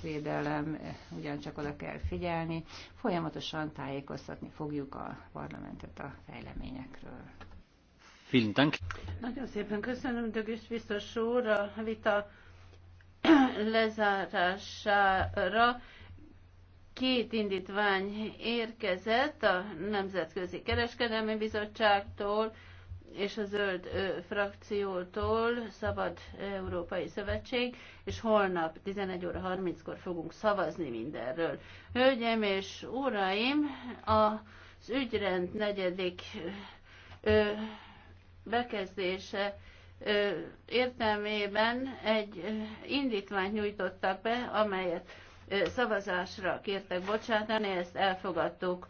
környezetvédelem, ugyancsak oda kell figyelni. Folyamatosan tájékoztatni fogjuk a parlamentet a fejleményekről. Nagyon szépen köszönöm, Dögös biztos úr, a vita lezárására két indítvány érkezett a Nemzetközi Kereskedelmi Bizottságtól, és a zöld frakciótól Szabad Európai Szövetség, és holnap 11 óra 30-kor fogunk szavazni mindenről. Hölgyem és uraim, az ügyrend negyedik bekezdése értelmében egy indítványt nyújtottak be, amelyet szavazásra kértek bocsátani, ezt elfogadtuk.